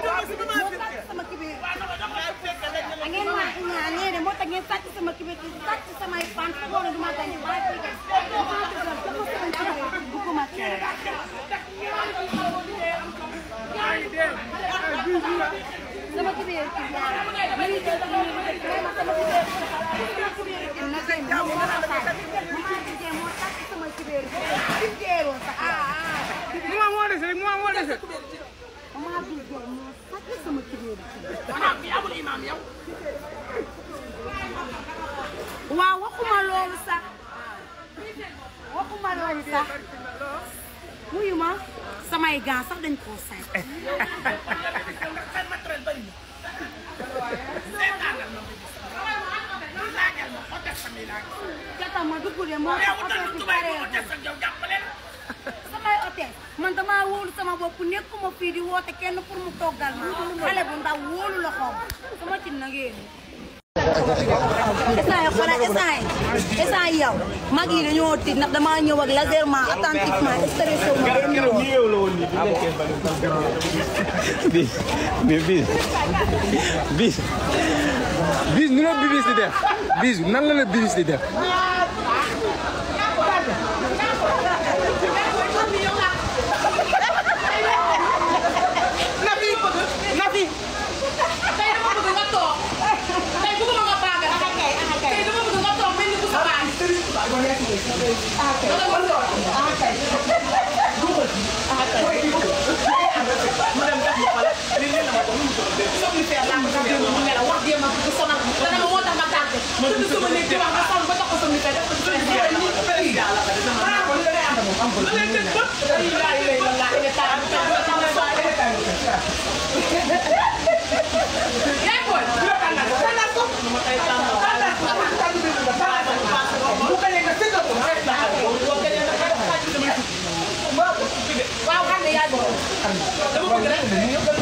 sama kibir da ngeen ma ñaanee de moo tax ngeen sàcc sama kibir sàcc samay fan loolu duma gañe ma fekk ma sama kibir sama kibir sama kibir waaw waxuma loolu sax waxuma loolu sax wuyu ma samay gaa sax dañ koo saay jota ma dugg de moo tax affaire bi pareegul man damaa wóolu sama bopp nekkuma fii di woote kenn pour mu toggal ma xale bu ndaw wóolu la xoom sama cin na ngeen essay xoolal essay essay yow mag yi dañoo tiit ndax damaa ñëw ak légèrement attentivement stressé wu ma benn yoon bis mais bis bis bis nu la bibis di def bis nan la la bibis di def waaw xam nga yaa ngi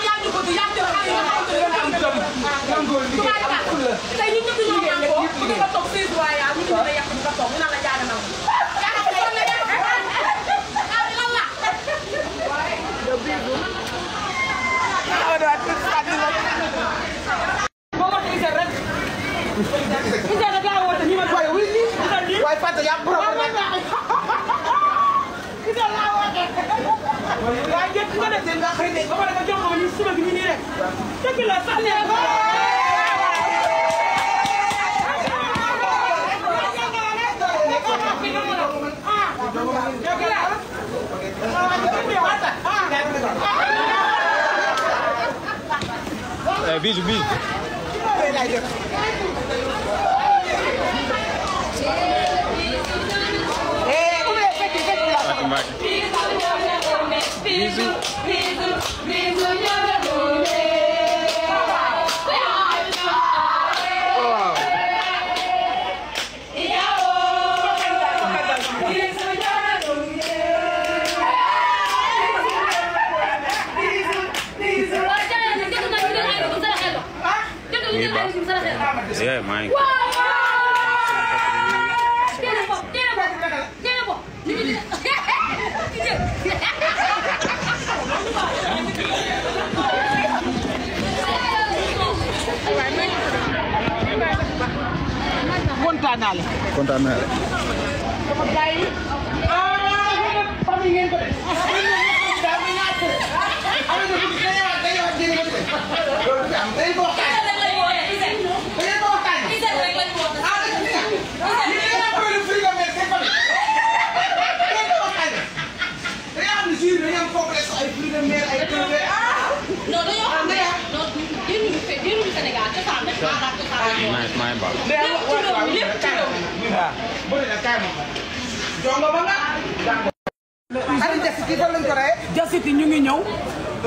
Eh. kita ada jenggak kritik, bapak ada sɔrɔ k'i ɲini dɛ ne k'i la sa ne É, vídeo, vídeo. É, como que é? visu, visu, visu, visu, visu, kontaan naa leen. kontaan naa leen. gars yi. xam ngeen ko de. am na ñu that's my ball. jasiti ñu ngi ñëw.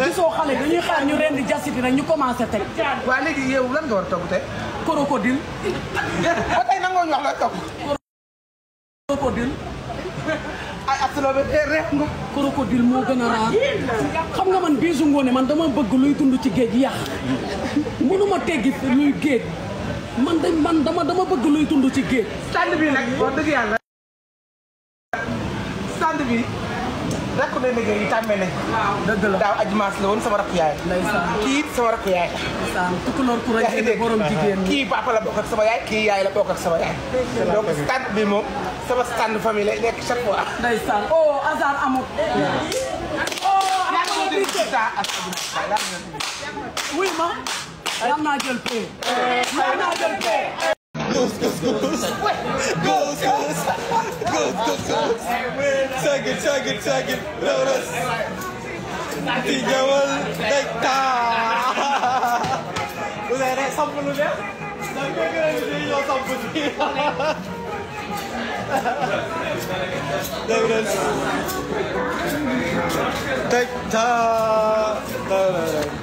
gisoo xale dañuy xaar ñu leen di jasiti rek ñu commencé teg. waa léegi yow lan nga war a togg tey. crocodile. nga. crocodile moo gën a xam nga man biisu ngoone man dama bëgg luy dund ci géej yàq mënuma teggi luy géej. man dañ man dama dama bëgg luy tund ci géej. stand bi nag wax dëgg yàlla. stand bi. rakk na liggéey yi tàmmee nañ. waaw dëgg la daaw ajumaas la woon sama rakk yaay. ndeysaan kii it sama rakk yaay. ndeysaan tukulóor ku rëy borom jigéen kii papa la bokk sama yaay kii yaay la bokk ak sama yaay. stand bi moom sama stand famille lay nekk chaque fois. ndeysaan oh hasard amul. I'm not your kid. I'm not your kid. Goose, goose, goose. Wait, goose, goose. Goose, goose, goose. Tug it, tug it, tug it. Lotus. Tiga wal dekta. Udah ada sampul udah. Tapi kira ini yo sampul sih. Lotus. Dekta. Lotus.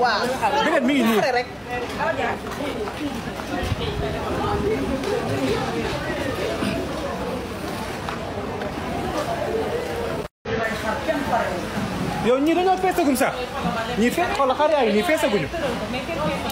waaw beneen mi ngi nii rek yow ñii dañoo feesagum sax ñii fee xoolal xar yaa ngi nii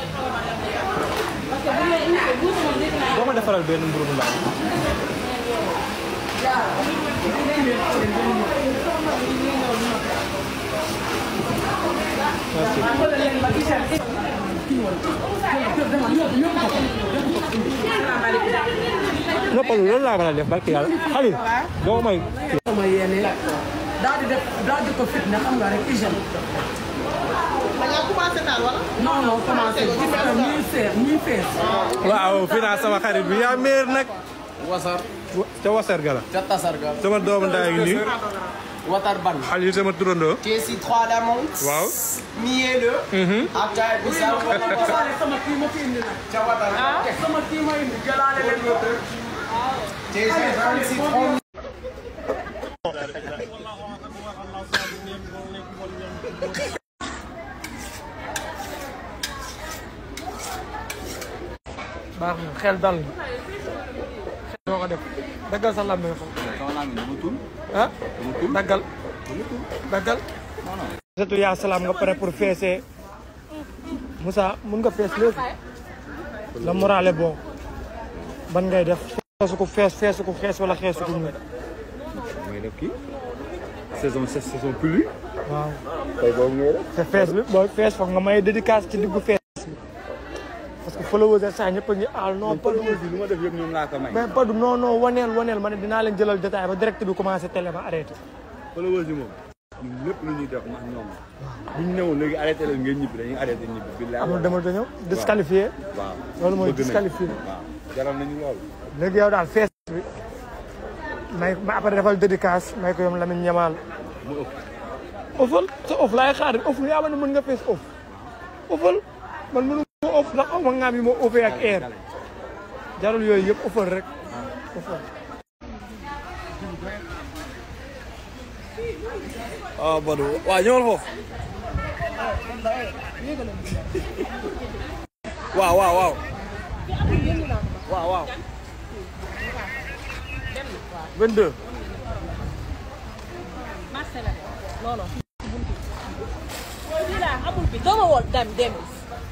noppalu loolu laa mën a def barke yàlla xalil doo may ma yéene daal di def daal di ko fitna xam nga rek hygiène non non commencé ñuy seer ñuy fees waaw fii naa sama xarit bi yaa meer nag wasar ca wasar ga la ca tasar ga la sama doomu ndaay ngi nii Waterban. Aliou sama turandoo. kee si trois Diamonds. waaw niiyee la. ak taay bu sax wala wala. sama kii ma fi indi nag. ca Waterban. Ah, sama tiga. ma indi jëlaale leen ko. tey si trente baax na xel dal na. doo ko def dëggal sa làmmiñ ah daggal daggal surtout yaa salaam nga pare pour feesee Moussa mun nga fees léegi la morale bon ban ngay def feesu ko fees feesu ko xees wala xeesu ko ñuul waaw fees foog nga may dédicace ci diggu fees followers yi sax ñëpp a ngi aal non pas du ma def yëpp ñoom laa ko may. mais pas du non non waneel waneel ma ne dinaa jëlal détail ba direct bi commencé télé ba arrêté. followers yi moom. ñun lépp lu ñuy def ndax ñoom. bu ñu newoon léegi arrêté leen ngeen ñibbi dañuy arrêté ñibbi. billaay amul demal dañoo disqualifié. waaw loolu mooy disqualifié. waaw jaral nañu loolu. léegi yow daal fees bi may ma après defal dédicace may ko yom Lamine ñamaal. mu ëpp. ëffal sa ëff laay xaar ëff yaa ma mën nga fees ëff ëffal man mënu yooyu yëpp ah, waaw waaw waaw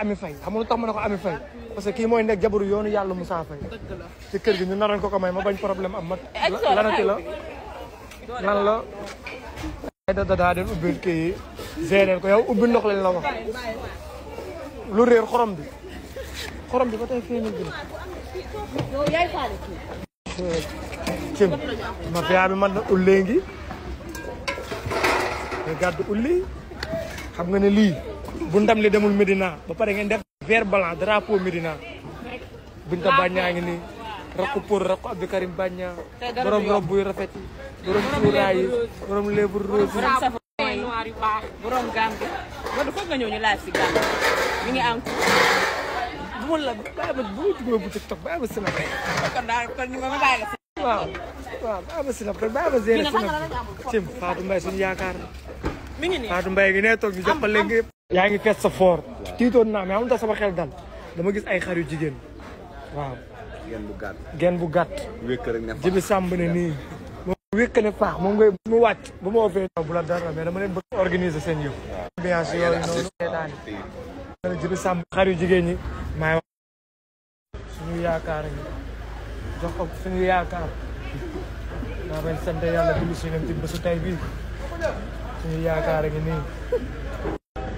Ami Faye xam nga lu tax ma ne Ami Faye parce que kii mooy nekk jabaru yoonu yàlla Moussa Faye ci kër gi ñu naroon ko ko may ma bañ problème am ma lanati eh, la lan la da dadaa den ubbil kii yi ko yow ubbi ndox lañ la wax lu réer xorom bi xorom bi ba tey feeñu bi cin ma fiyaa bi man na ullee ngi nga gàddu xam nga ne lii buntam ndam li demul Medina ba pare ngeen def vert blanc drapeau Medina bunta Bagna ngi ni rakku pour rakku Abdou Karim Bagna borom rob buy rafet souray borom cuuraay rose borom noir yu bax borom Gambie man foog nga ñëw ñu laaj ci gambe mi ngi am bu mo la bàyyi ma bu ci duggee bu TikTok bàyyi ma sama rek ko da ko ñu ma bàyyi la waaw waaw bàyyi ma sinap rek bàyyi ma Fatou Mbaye suñu yaakaar mi ngi nii Fatou Mbaye ngi nee toog ñu jàppale nga yëpp yang kita sefor, sa foor tiitoon naa mais amul tax sama xel dal dama gis ay xar jigen waaw. gen bu gen bu gàtt. wékk rek ne jibi sàmb ne nii. moom wékk ne faax moom ngay mu wàcc bu ma ofee bu la dara mais dama leen bëgg organiser seen yëf. ambiance yooyu noonu seetaani jibi sàmb xar yu jigéen ñi wax suñu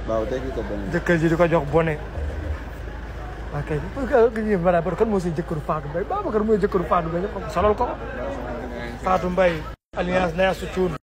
waaw tekki ko bone. jëkkër ji di ko jox bone. waaw kay Babacar kan moo siy jëkkëru Fatou Mbaye Babacar mooy jëkkëru Fatou Mbaye ñëpp solal ko Fatou Mbaye alliance Nayasu Thioune